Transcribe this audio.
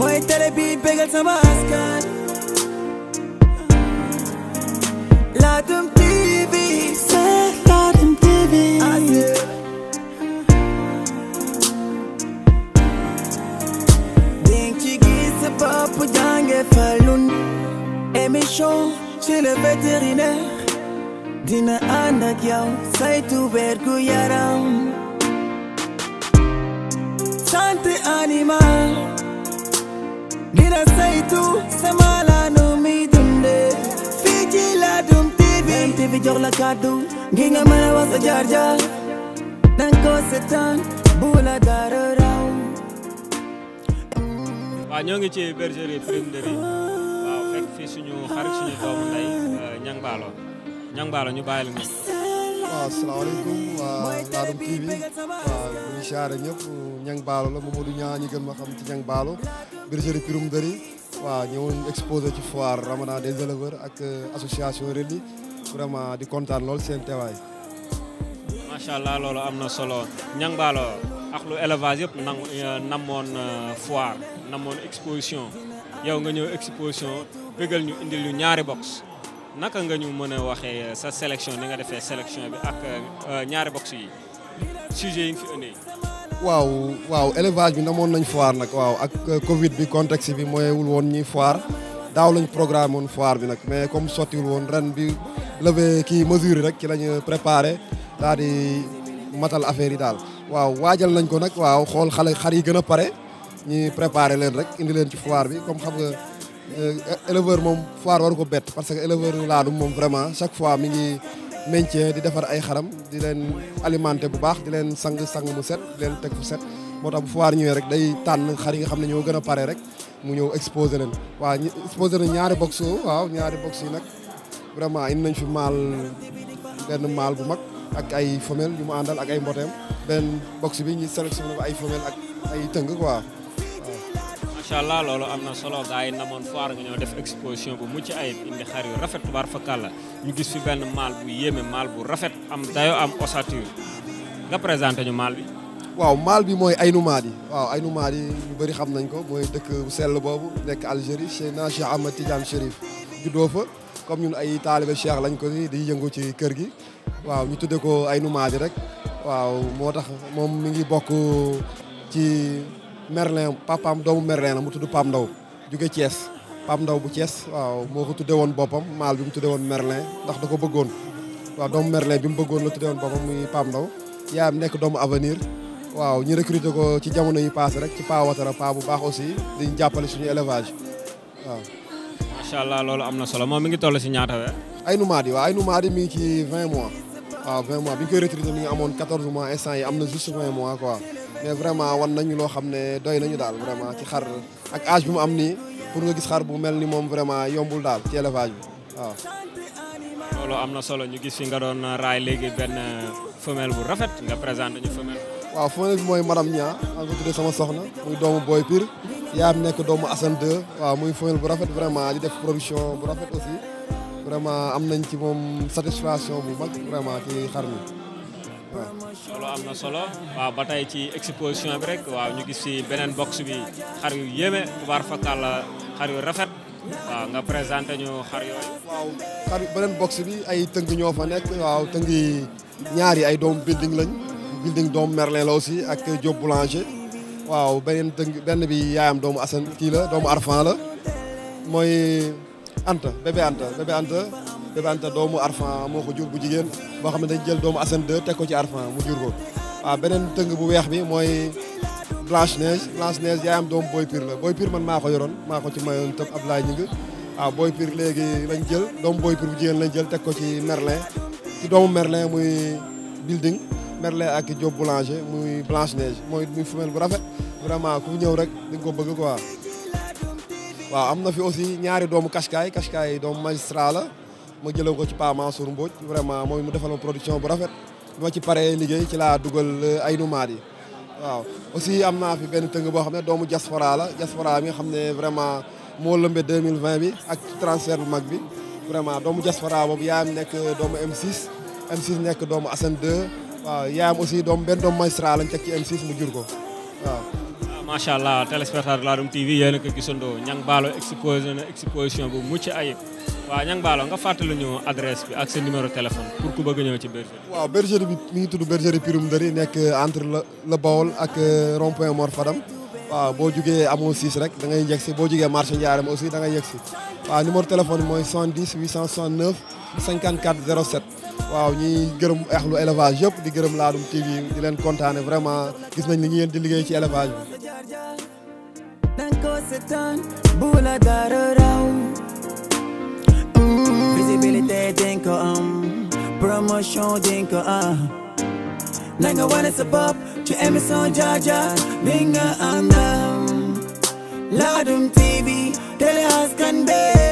mooy télé bi bégal sama askan Ladoum TV c'est Ladoum TV ding ci gis sa bopp jànge falun émission chez le vétérinaire dina ànd ak yow saytu wér gu yaram santé animal gisaytu sama la nu muy dundee fii ci Ladoum TV MTV jox la kàddu ngi nga mën a wax sa jaar ko seetaan bu la dara raw waaw ñoo ngi ci bergerie Prime de Riz waaw fekk fii suñu xarit suñu doomu ndey euh, Niang Ballo Niang Ballo ñu bàyyi la waaw asalaamaaleykum waa Ladoum TV di siyaare ñëpp ñang baalo la Mamadou ñaa ñi gën ma xam ci ñang baalo bergerie Pirum Dëri waaw ñëwoon exposé ci foire ramadan des éleveurs ak euh, association Relly vraiment di kontaan lool seen teewaay macha allah loolu am na solo ñang baalo ak lu élevage yëpp nangu euh, namoon euh, foire namoon exposition yow nga ñëw exposition bëggal ñu indil ñu ñaari box naka nga ñu mën a waxee sa sélection ni nga defee sélection bi ak ñaari box yi sujet waaw waaw élevage bi moon nañ foire nak waaw ak euh, Covid bi contexte bi mooyewul woon ñuy foir daaw lañ programme woon foir bi nag mais comme sottiwul woon ren bi levé kii mesure yi rek ci lañu préparé daal di matal affaire yi daal. waaw waajal nañ ko nag waaw xool xale xar yi gën a pare ñi prépare leen rek indi leen ci foire bi comme xam nga euh, éleveur moom foire waru ko bett parce que éleveur laadum moom vraiment chaque fois mi ngi. métier di defar ay xaram di leen alimenter bu baax di leen sang sang mu set di leen teg fu set moo tax bu foire ñëwee rek day tànn xar yi nga xam ne ñoo gën a pare rek mu ñëw exposé leen waaw exposé nañ ñaari box waaw ñaari box nag vraiment indi nañ fi maal benn maal bu mag ak ay femelle ñu mu àndal ak ay mboteem benn box bi ñu sélectionné ay femelle ak ay tëng quoi macha allah loolu am na solo gars yi namoon foire nga ñëw def exposition bu mucc ayib indi xar yu rafet tubaar fakal la ñu gis fi benn maal bu yéeme maal bu rafet am dayo am ossature nga présenté ñu maal bi. waaw maal bi mooy ay Mady waaw Aynou Mady ñu bëri xam nañ ko mooy dëkk bu sell boobu nekk Algérie am Cheikh Ahmed Tidiane Chérif juddoo fa comme ñun ay taalibe Cheikh lañ ko di yëngu ci kër gi waaw ñu tuddee ko Aynou Mady rek waaw moo tax moom mu ngi bokk ci. Merlin papaam doomu Merlin la mu tudd Pape Ndaw jóge Thiès Pape Ndaw bu Thiès waaw moo ko tuddee woon boppam maal bi mu tuddee woon Merlin ndax da ko bëggoon waaw doomu Merlin bi mu bëggoon la tuddee woon boppam muy Pape Ndaw yaayam nekk doomu avenir waaw ñu recruter ko ci jamono yi passé rek ci Pa Watara pa bu baax aussi diñu jàppale suñu élevage waaw macha allah loolu am na solo moom mi ngi toll si ñaata weer ay numaadi waaw ay numaadi mi ngi ci 20 mois waaw 20 mois bi ñu koy recruter mi ngi amoon 14 mois instant yi am na juste 20 mois quoi mais vraiment wan nañu loo xam ne doy nañu daal vraiment ci xar ak âge bi mu am nii pour nga gis xar bu mel ni moom vraiment yombul daal ci élevage bi waaw. loolu am na solo ñu gis fi nga doon léegi benn femelle bu rafet nga ñu femelle. waaw femelle bi mooy madame ñaa sama soxna muy doomu Boy Pire yaam nekk doomu Assane waaw muy femelle bu rafet vraiment di def production bu rafet aussi vraiment am nañ ci moom satisfaction bu mag vraiment ci xar mi. loolu am na solo waaw ba tey ci exposition bi rek waaw ñu gis ci beneen box bi xar yu yéeme tubaar fakal xar yu rafet waaw nga présenté ñu xar yooyu. waaw beneen box bi ay tëng ñoo fa nekk waaw tëng yi ñaar yi ay doom building lañ building doomu Merlin la aussi ak Diop Boulanger waaw beneen tëng benn bi yaayam doomu Assane kii la doomu Arfan la mooy Anta bébé Anta bébé Anta. Bébé Anta doomu Arfan moo ko jur bu jigéen boo xam ne dañ jël doomu Assane te ko ci Arfan mu jur ko waaw beneen tëng bu weex bi mooy Blanche Neige Blanche Neige yaayam doomu Boy Pire la Boy Pire man maa ko yoroon maa ko ci mayoon tëb Ablaye Ngingue waaw Boy Pire léegi lañ jël doomu Boy Pire bu jigéen lañ jël teg ko ci Merlin ci doomu Merlin muy building Merlin ak Diop Boulanger muy Blanche Neige mooy muy femelle bu rafet vraiment ku ñëw rek di nga ko bëgg quoi waaw am na fi aussi ñaari doomu Kaskaay Kaskaay doomu magistrat la ma jëlee ko ci Pa Mansour Mbodj vraiment moom mu defal ma production bu rafet bi ma ci pare liggéey ci laa dugal ay numaat yi waaw aussi am naa fi benn tëng boo xam ne doomu diaspora la diaspora mi nga xam ne vraiment moo lëmbe 2020 bi ak transfert bu mag bi vraiment doomu diaspora boobu yaayam nekk doomu M6 M6 nekk doomu Assane 2 waaw yaayam aussi doomu benn doomu magistrat lañ teg ci M6 mu jur ko waaw macha allah téléspectateur Ladoum TV yéen a ko gisandoo Niang Ballo exposé exposition bu mucc ayib waaw Niang Ballo nga fàttali ñu adresse bi ak sa numéro téléphone pour ku bëgg a ñëw ci bergerie. waaw bi nekk entre la la ak euh, rond Fadam waaw boo jugee amoo 6 rek da ngay yegg si boo jugee marché Ndiarème aussi da ngay yegg si waaw numéro téléphone bi mooy 70 869 54 07. waaw ñuy gërëm axlu élevage yëpp di gërëm Ladoum TV di leen kontaane vraiment gis nañ li ñu yéen di liggéey ci élevage bi seetaan bu la dara raw visibilité dinga ko am um, promotion dinga am ah. nanga wane sa ci émission Jaja bi nga Ladoum TV télé askan